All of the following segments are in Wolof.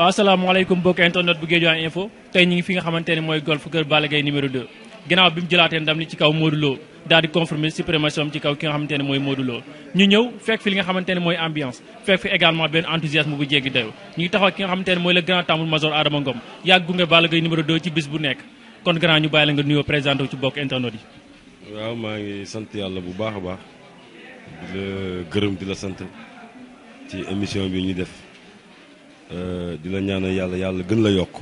assalamualaikum bokk internet bu Guédiawaye info tay ñi ngi fi nga xamantene moy golf keur Balla Gaye numéro 2 ginaaw bimu mu ndam li ci kaw modulo Lo daal di confirmer suprématie ci kaw ki nga xamantene moy modulo ñu ñëw fekk fi li nga xamantene moy ambiance fekk fi également ben enthousiasme bu jéggi dayo ñu ngi taxaw ki nga xamantene moy le grand tambour major Adama Ngom yàgg gunge Balla Gaye numéro 2 ci bis bu nekk kon grand ñu bàyyi la nga nuyo présenté ci bokk internet yi waaw ma ngi sant yalla bu baax baax di la gërëm di la sant ci émission bi ñu def Euh, di la ñaanal yàlla yàlla gën la yokk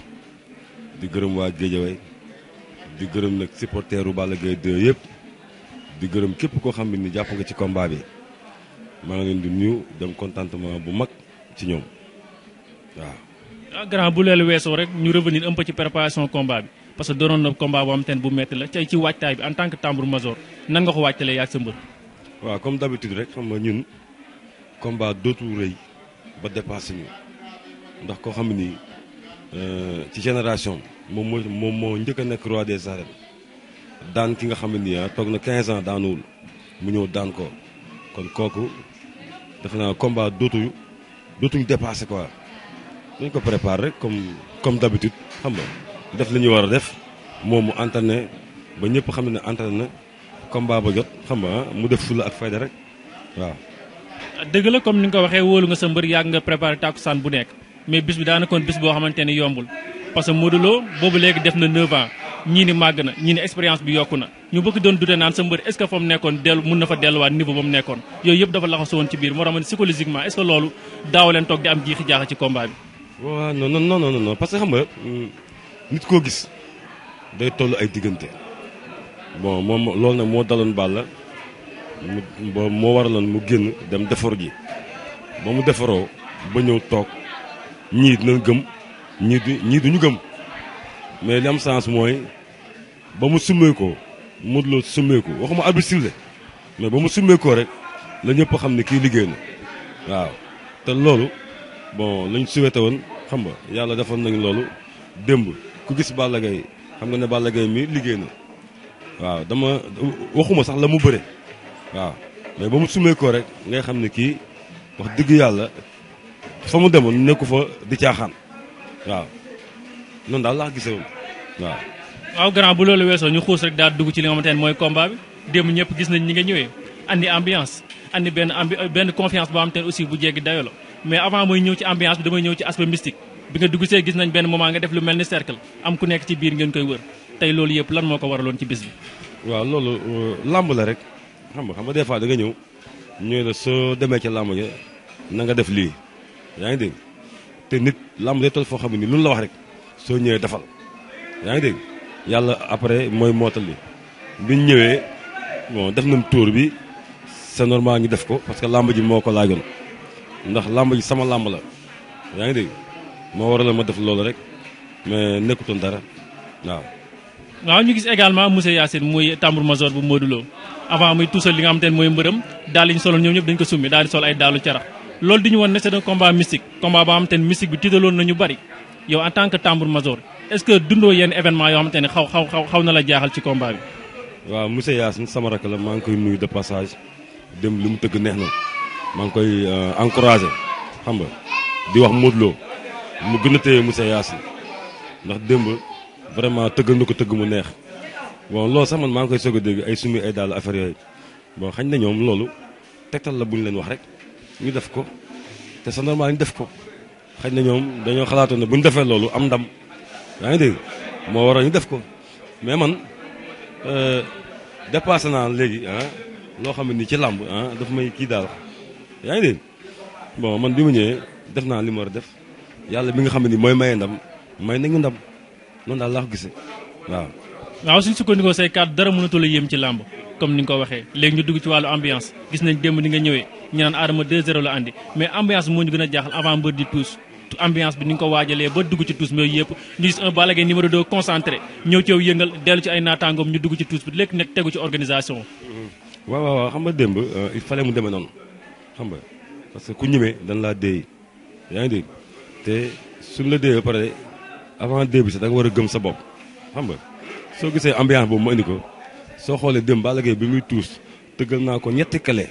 di gërëm waa Géejawaay di gërëm nag supporteru Balla Gaye 2 yëpp di gërëm képp koo xam ne ni jàpp nga ci combat bi maa ngi leen di nuyu dem contentement bu mag ci ñoom waaw. ah grand bu leelu weesoo rek ñu revenir un peu ci préparation combat bi parce que doonoon na combat boo am teen bu metti la tey ci waajtaay bi en tant que tambour major nan nga ko waajtalee ak sa mbër. waaw comme d'habitude rek xam nga ñun combat dootul rëy ba ndax koo xam ni euh, ci génération moom moo moom moo njëkk a nekk roi des arènes daan ki nga xam ni nii ah, toog na quinze ans daanuwul mu ñëw daan ko kon kooku defe naa combat dootuñu dootuñu dépassé quoi dañ ko prépare rek comme comme d'habitude xam nga def li ñu war a def moom mu entraîné ba ñëpp xam ne entraîné na combat ba jot xam ba mu def fula ak fayda rek waaw. dëgg la comme ni nga ko waxee wóolu nga sa mbër yàgg nga préparé tàkkusaan bu nekk. mais bis bi daanakoon bis boo xamante ni yombul parce que Modou Lo boobu léegi def na 9 ans ñii ni màgg na ñii ni expérience bi yokk na ñu bëgg doon dute naan sa mbër est ce que fa mu nekkoon dellu mun na fa delluwaat niveau ba mu nekkoon yooyu yëpp dafa laxasu woon ci biir moo tax ma ne psychologiquement est ce que loolu daaw leen toog di am jiixi jaaxa ci combat bi waaw non mm, koo gis day ay diggante bon moom loolu nag moo daloon Balla mu moo waraloon mu génn dem defar ji mu defaroo ba ñëw ñii dinañ gëm ñii du ñii duñu gëm mais li am sens mooy ba mu summee ko Modou Lo summee ko waxuma arbitre sifflé mais ba mu summee ko rek la ñëpp xam ne kii liggéey na waaw te loolu bon lañ souhaité woon xam nga yàlla defoon nañ loolu démb ku gis Balla xam nga ne Balla Gaye mi liggéey na waaw dama waxuma sax la mu bëre waaw mais ba mu summee ko rek ngay xam ne kii wax dëgg yàlla fa mu demoon nekku fa di caaxaan waaw noonu daal laa gisee woon waaw. waaw grand bu loolu weesoo ñu xuus rek daal dugg ci li nga xamante ne mooy combat bi démb ñëpp gis nañ ñi nga ñëwee andi ambiance andi benn ambi benn confiance boo xam te aussi bu jéggi dayoo la mais avant mooy ñëw ci ambiance bi damay ñëw ci aspect mystique bi nga dugg see gis nañ benn moment nga def lu mel ni cercle am ku nekk ci biir ngeen koy wër tey loolu yëpp lan moo ko waraloon ci bis waaw loolu euh, làmb la rek xam nga xam nga des fois ñëw ñooy la soo demee ca làmb ja na nga def lii. yaa ngi dégg te nit lamb day toll foo xam ne nii lu la wax rek soo ñëwee defal yaa ngi dégg yàlla après mooy bi biñ ñëwee bon def nañ tour bi c'est normal ñu def ko parce que lamb ji moo ko laajoon ndax lamb ji sama lamb la yaa ngi dégg moo waral ma def loolu rek mais nekkutoon dara waaw. waaw ñu gis également monsieur Yacine muy tambour major bu Modou Lo avant muy tuusal li nga xam te mooy mbërëm daal di ñu soloon ñoom ñëpp dañ ko summi daal di sol ay daalu carax. loolu di ñu woon ne c'est un combat mystique combat boo xamante ne bi tiitaloon na ñu bari yow en tant que tambour major est-ce que dundoo yenn événement yoo xamante ne xaw xaw xaw xaw na la jaaxal ci combat bi. waaw monsieur Yacine sama rakk la maa ngi koy nuyu de passage dem lu mu tëgg neex na maa ngi koy euh, encouragé xam nga di wax Modou Lo mu gën a téye monsieur Yacine ndax démb vraiment tëggal na ko tëgg mu neex bon loolu sax man maa ngi koy soog dégg ay sumi ay daal affaire yooyu bon xañ na ñoom loolu tegtal la bu ñu leen wax rek. ñu def ko te c'est normal ñu def ko xëy na ñoom dañoo xalaatoon ne bu ñu defee loolu am ndam yaa ngi dégg moo waral ñu def ko mais man euh, dépassé naa léegi ah loo xam ne nii ci làmb ah daf may kii daal yaa ngi dégg bon man bi mu ñëwee def naa li ma war a def yàlla bi nga xam ne mooy maye ndam may nañu ndam noonu daal laa ko gisee waaw. waaw suñ sukkandikoo say kàddu dara mënatul a yéem ci làmb comme ni nga ko waxee léegi ñu dugg ci wàllu ambiance gis nañ démb ni nga ñëwee. ñu naan Adama 2-0 la mais ambiance moo ñu gën a jaaxal avant mbër di tuus ambiance bi ni nga ko waajalee ba dugg ci tuus bi yëpp ñu gis un Balla Gaye numéro 2 concentré ñëw ci yow yëngal dellu ci ay naataangoom ñu dugg ci tuus bi léegi nag tegu ci organisation. Mm-hmm. waaw waaw xam nga démb euh, il fallait mu demee noonu xam nga parce que ku ñëwee dañ laa déey yaa ngi dégg te suñ la déey ba pare avant déey bi sax war a gëm sa bopp xam nga soo gisee ambiance boobu ma indi ko soo xoolee démb bi muy tuus tëggal naa ko ñetti kale.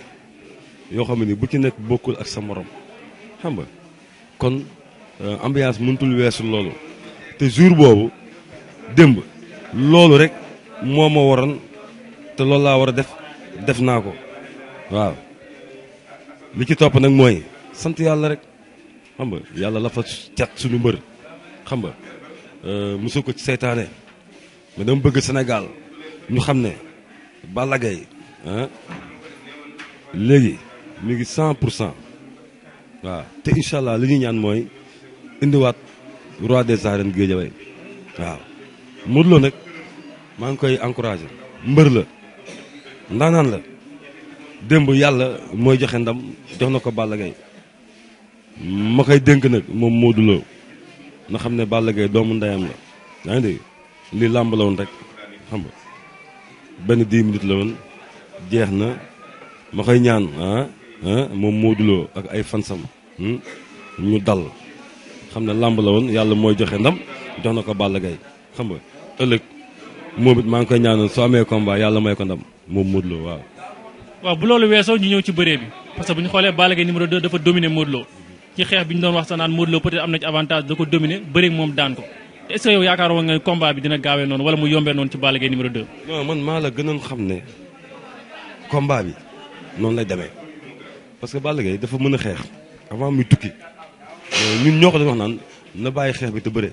yoo xam ne bu ci nekk bokkul ak sa morom xam nga kon euh, ambiance mëntul weesu loolu te jour boobu démb loolu rek moo ma waroon te loolu laa war a def def naa ko waaw li ci topp nag mooy sant yàlla rek xam nga yàlla la fa cat suñu mbër xam nga euh, mosoo ko ci seytaane mais dama bëgg senegaal ñu xam ne Balla Gaye léegi mi cent pour cent waaw te incha allah li ñu ñaan mooy indiwaat roi des arènes Guédiawaye waaw Modou Lo nag maa ngi koy encouragé mbër la ndaanaan la démb yàlla mooy joxe ndam jox na ko Balla Gaye ma koy dénk nag moom Modou na xam ne Balla Gaye doomu ndeyam la yaa ngi dégg lii làmb rek xam nga benn dix minutes la woon jeex na ma koy ñaan ah. moom Modou ak ay fansam hmm, ñu dal xam ne làmb la woon yàlla mooy joxe ndam jox na ko Balla Gaye xam nga ëllëg moom it maa ngi koy ñaanal soo amee combat yàlla may ko ndam moom Modou Lo waaw. waaw bu loolu weesoo ñu ñëw ci bëree bi parce que bu ñu xoolee Balla Gaye numéro 2 dafa dominer Modou Lo ci xeex bi ñu doon wax sax naan Modou Lo peut-être am na ci avantage da ko dominer bëri moom daan ko est-ce que yow yaakaar woon nga combat bi dina gaawee noonu wala mu yombee noonu ci Balla Gaye numéro 2. non man ne combat bi noonu lay demee. parce que Balla Gaye dafa mën a xeex avant muy tukki euh, ñun ñoo ko doon wax naan na bàyyi xeex bi te bëre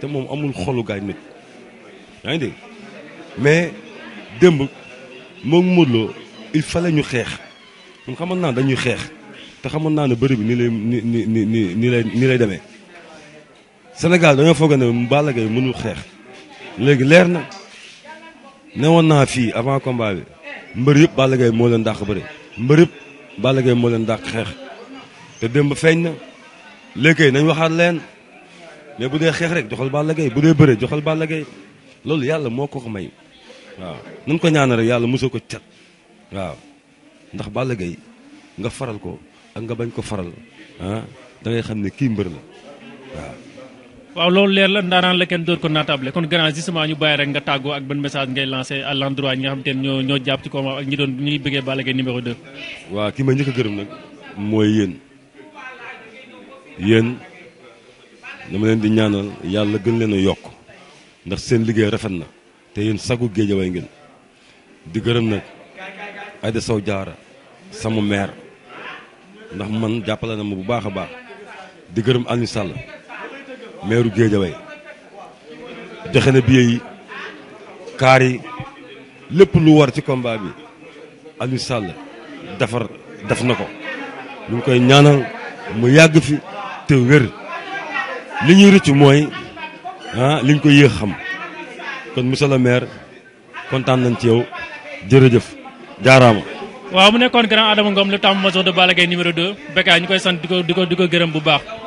te moom amul xolu gaañ nit yaa ngi dégg mais démb moom Modou Lo il fallait ñu xeex ñun xamoon naan dañuy xeex te xamoon naa ne bëri bi nii lay ni nii lay nii lay demee Sénégal dañoo foog ne Balla Gaye mënul xeex léegi leer na newoon naa fii avant combat mbër yëpp Balla Gaye moo leen dàq bëri mbër yëpp. Balla Gaye moo leen dàq xeex te démb feeñ na léegi nañ waxaat leen mais bu dee xeex rek joxal Balla Gaye bu dee bëree joxal Balla Gaye loolu yàlla moo ko ko may waaw nañ ko ñaanal rek yàlla mosoo ko cat waaw ndax Balla nga faral ko ak nga bañ ko faral ah xam ne kii mbër la waaw. waaw loolu leer la ndaanaan la kenn door ko naatable kon grand justement ñu bàyyi rek nga tàggoo ak ban message ngay lancé à l'endroit ñi nga xam te ne ñoo ñoo jàpp ci combat ak ñi doon ñuy bëggee Balla Gaye numéro 2. waaw ki ma njëkk a gërëm nag mooy yéen yéen dama leen di ñaanal yàlla gën leen a yokk ndax seen liggéey rafet na te yéen sagu géejawaay ngeen di gërëm nag Aïda Sow Diawara sama maire ndax man jàppale na ma bu baax a baax di gërëm Aliou Sall. meeru Géejawaay joxe na billet yi kaar yi lépp lu war ci combat bi Aliou Sall defar def na ko luñ koy ñaanal mu yàgg fi te wér li ñuy rëcc mooy ah liñ ko yéex xam kon monsieur le maire kontaan nañ ci yow jërëjëf jaaraama. waaw mu nekkoon grand Adama Ngom le temps major de Balla Gaye numéro 2 Bécaye ñu koy sant di ko di ko di ko gërëm bu baax.